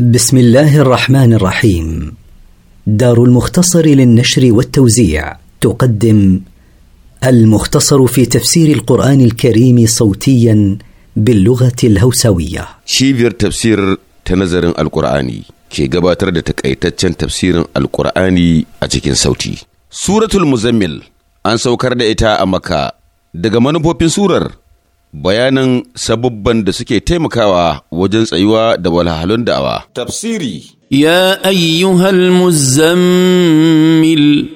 بسم الله الرحمن الرحيم دار المختصر للنشر والتوزيع تقدم المختصر في تفسير القرآن الكريم صوتيا باللغة الهوسوية شيفير تفسير تنظر القرآني كي قباتر تكأيتتشن تفسير القرآني أتكين صوتي سورة المزمل أن سوكر إتاء أمكا دقمانو بوبين سورر Bayanan sabubban da suke taimakawa wajen tsayuwa da walhalun da'awa. Tafsiri Ya ayyuhal muzammil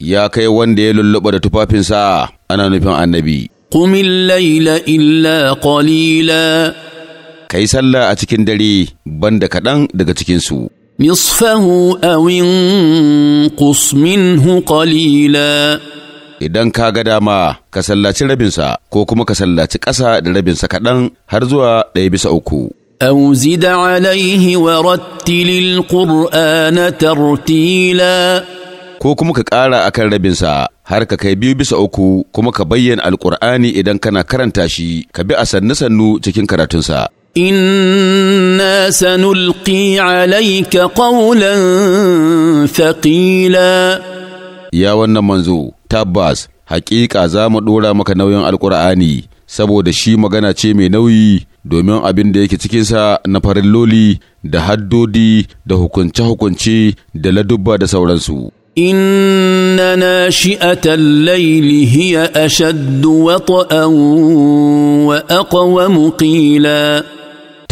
Ya kai wanda ya lulluɓa da tufafinsa ana nufin annabi. Kumin laila illa qalila Kai sallah a cikin dare banda kaɗan daga cikinsu. Nisfahu awin qus qalila idan ka ga dama ka sallaci rabinsa ko kuma ka sallaci ƙasa da rabinsa kaɗan har zuwa ɗaya bisa uku. أو زد عليه ورتل القرآن ترتيلا ko kuma ka ƙara a kan rabinsa har ka kai biyu bisa uku kuma ka bayyana alƙur'ani idan kana karanta shi ka bi a sannu-sannu cikin karatunsa. inna سنلقي عليك قولا ثقيلا ya wannan manzo tabbas hakika za mu ɗora maka nauyin alkur'ani saboda shi magana ce mai nauyi domin abin da yake cikinsa na loli da haddodi da hukunce-hukunce da ladubba da sauransu. إن ناشئة الليل هي أشد وطئا وأقوم قيلاً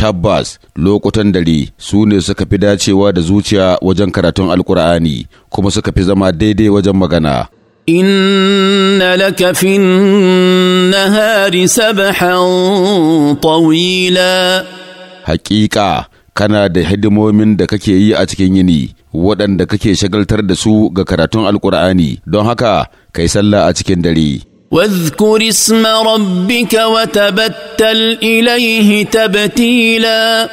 tabbas lokutan dare su ne suka fi dacewa da zuciya wajen karatun alkur'ani kuma suka fi zama daidai wajen magana inna لك في النهار سبحا طويلا hakika kana da hidimomin da kake yi a cikin yini waɗanda kake shagaltar da su ga karatun alkur'ani don haka kai sallah a cikin dare Waz kurisma Rabbi kawa tabbatar Ila yi hita batila.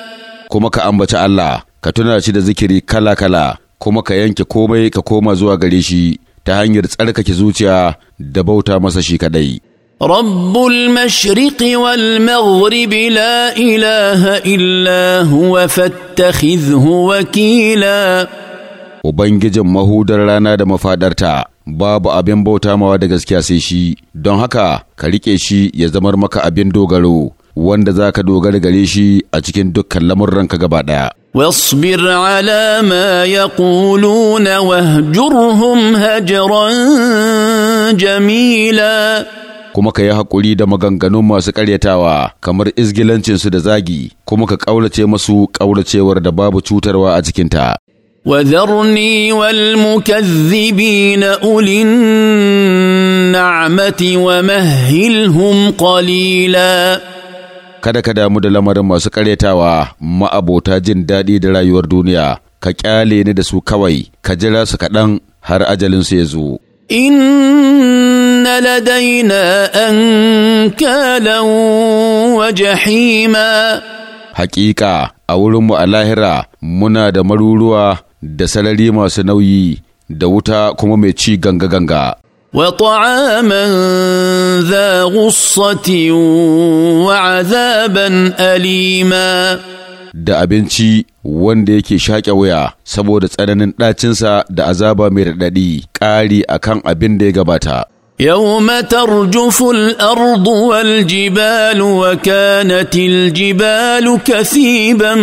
Kuma ka ambaci Allah, ka tunace da zikiri kala-kala kuma ka yanke komai ka koma zuwa gare shi ta hanyar tsarkake zuciya da bauta masa shi kaɗai. Rabbul Mashriƙiwal Maghribi la ilaha illa huwa Fattahidhu wakila. Ubangijin mahudar rana da mafaɗarta. babu abin bauta mawa da gaskiya sai shi don haka ka riƙe shi ya zamar maka abin dogaro wanda za ka dogara gare shi a cikin dukkan ka gaba ɗaya. واصبر ya ما يقولون واهجرهم هجرا jamila kuma ka yi haƙuri da maganganun masu ƙaryatawa kamar izgilancinsu da zagi kuma ka ƙaurace masu ƙauracewar da babu cutarwa a cikinta وذرني والمكذبين اولي النعمه ومهلهم قليلا kada ka damu da lamarin masu karyatawa ma'abota jin daɗi da rayuwar duniya ka ƙyale ni da su kawai ka jira su kaɗan har ajalinsu ya zo inna ladaina an kalan wa jahima hakika a wurinmu a lahira muna da maruruwa da sarari masu nauyi da wuta kuma mai ci ganga-ganga. وطعاما ذا wa وعذابا Alima. da abinci wanda yake shaƙe wuya saboda tsananin ɗacinsa da azaba mai raɗaɗi ƙari akan abin da ya gabata. Jufun ترجف Jibalu wa وكانت Jibalu kasiban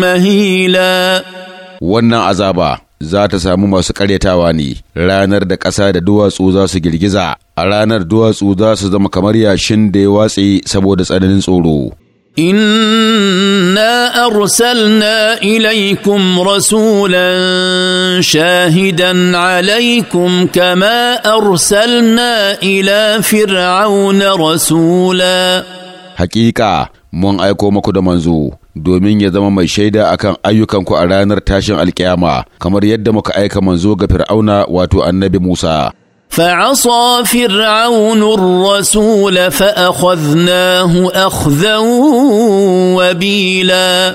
Mahila. wannan azaba za ta samu masu karyatawa ne ranar da ƙasa da duwatsu za su girgiza a ranar duwatsu za su zama kamar yashin da ya watse saboda tsananin tsoro inna arsalna ilaikum rasulan shahidan 'alaikum kama arsalna ila fir'auna rasula" Haƙiƙa! mun aiko maku da manzo domin ya zama mai shaida akan ayyukanku a ranar tashin alkiyama kamar yadda muka aika manzo ga fir'auna wato annabi Musa. فعصى فرعون الرسول فأخذناه أخذا wabila.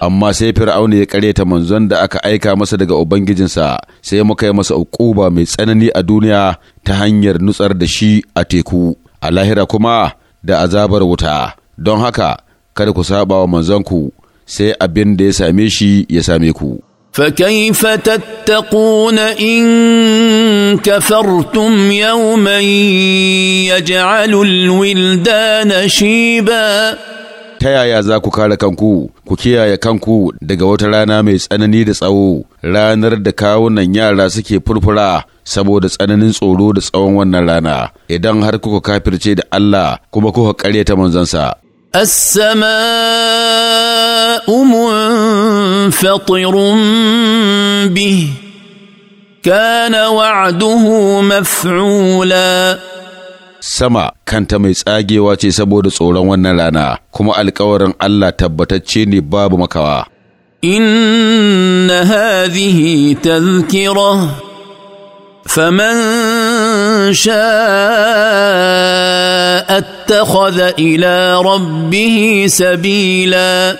amma sai fir'aun ya kareta manzon da aka aika masa daga ubangijinsa sai muka yi masa ukuba mai tsanani a duniya ta hanyar nutsar da shi a teku a lahira kuma da azabar wuta don haka kada ku saba wa manzanku sai abin da ya same shi ya same ku فكيف تتقون ان كفرتم يوما يجعل shi ba. ta yaya za ku kare kanku ku kiyaye kanku daga wata rana mai tsanani da tsawo ranar da kawunan yara suke furfura saboda tsananin tsoro da tsawon wannan rana idan har kuka kafirce da Allah kuma kuka ta manzansa السماء منفطر به كان وعده مفعولا sama kanta mai tsagewa ce saboda tsoron wannan rana kuma alkawarin Allah tabbatacce ne babu makawa inna hadhihi tazkira faman sha'a اتخذ ila ربه سبيلا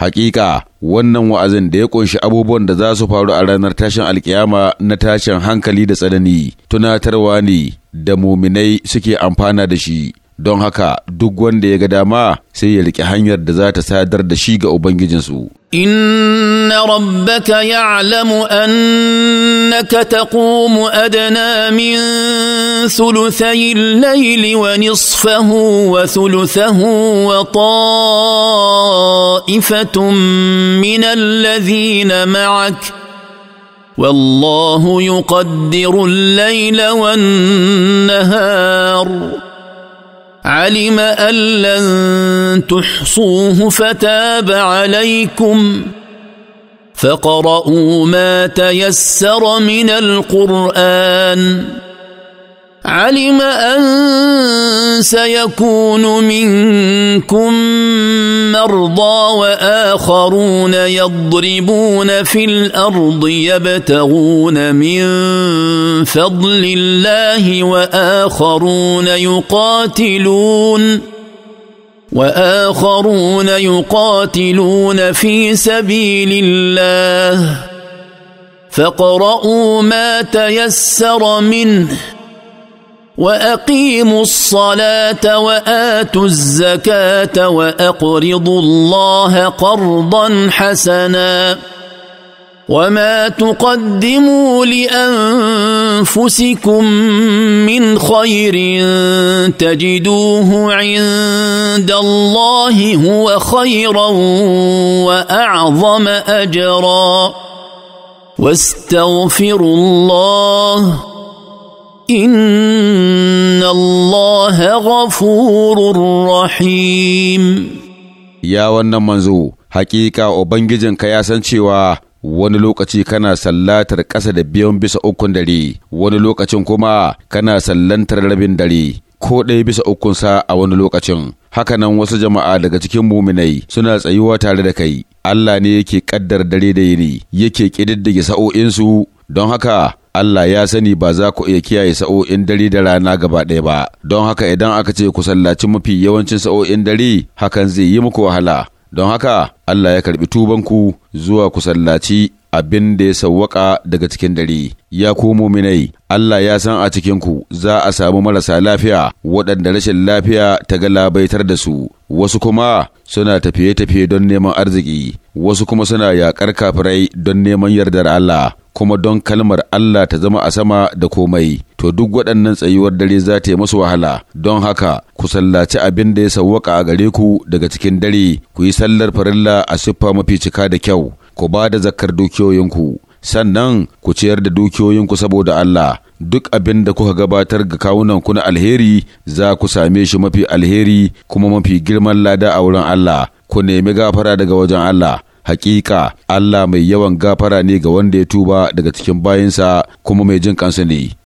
Haƙiƙa, wannan wa'azin da ya ƙunshi abubuwan da za su faru a ranar tashin alkiyama na tashin hankali da tsanani tunatarwa ne da muminai suke amfana da shi don haka duk wanda ya ga dama sai ya riƙe hanyar da za ta sadar da shi ga Ubangijinsu. Inna rabbaka ya'lamu annaka taqumu adana min ثلثي الليل ونصفه وثلثه وطائفة من الذين معك والله يقدر الليل والنهار علم ان لن تحصوه فتاب عليكم فقرؤوا ما تيسر من القران علم ان سيكون منكم مرضى واخرون يضربون في الارض يبتغون من فضل الله واخرون يقاتلون واخرون يقاتلون في سبيل الله فاقرؤوا ما تيسر منه واقيموا الصلاه واتوا الزكاه واقرضوا الله قرضا حسنا وما تقدموا لانفسكم من خير تجدوه عند الله هو خيرا واعظم اجرا واستغفروا الله ان الله غفور رحيم ya wannan manzo hakika ubangijinka ya san cewa wani lokaci kana sallatar ƙasa da biyan bisa ukun dare wani lokacin kuma kana sallantar rabin dare ko ɗaya bisa ukunsa a wani lokacin Haka nan, wasu jama'a daga cikin muminai suna tsayuwa tare da kai Allah ne yake ƙaddar dare da yini yake ƙididdige sa'o'insu don haka Allah ya sani ba za ku iya kiyaye sa'o'in dare da rana gaba ɗaya ba, don haka idan aka ce ku sallaci mafi yawancin sa'o'in dare hakan zai yi muku wahala. Don haka Allah ya karɓi tubanku zuwa ku sallaci abin da ya sawwaka daga cikin dare. Ya ku muminai, Allah ya san a cikinku za a samu marasa lafiya waɗanda rashin lafiya ta galabaitar da su, wasu kuma suna tafiye-tafiye don neman arziki, wasu kuma suna yaƙar kafirai don neman yardar Allah. kuma don kalmar Allah ta zama a sama da komai, to duk waɗannan tsayuwar dare za ta yi masu wahala, don haka ku sallaci abin da ya sawwaka a gare ku daga cikin dare, ku yi sallar farilla a siffa mafi cika da kyau, ku ba da zakar dukiyoyinku, sannan ku ciyar da dukiyoyinku saboda Allah. Duk abin da kuka gabatar ga kawunanku na alheri za ku same shi mafi alheri kuma mafi girman lada a wurin Allah, ku nemi gafara daga wajen Allah. Hakika Allah mai yawan gafara ne ga wanda ya tuba daga cikin bayinsa kuma mai jin kansa ne.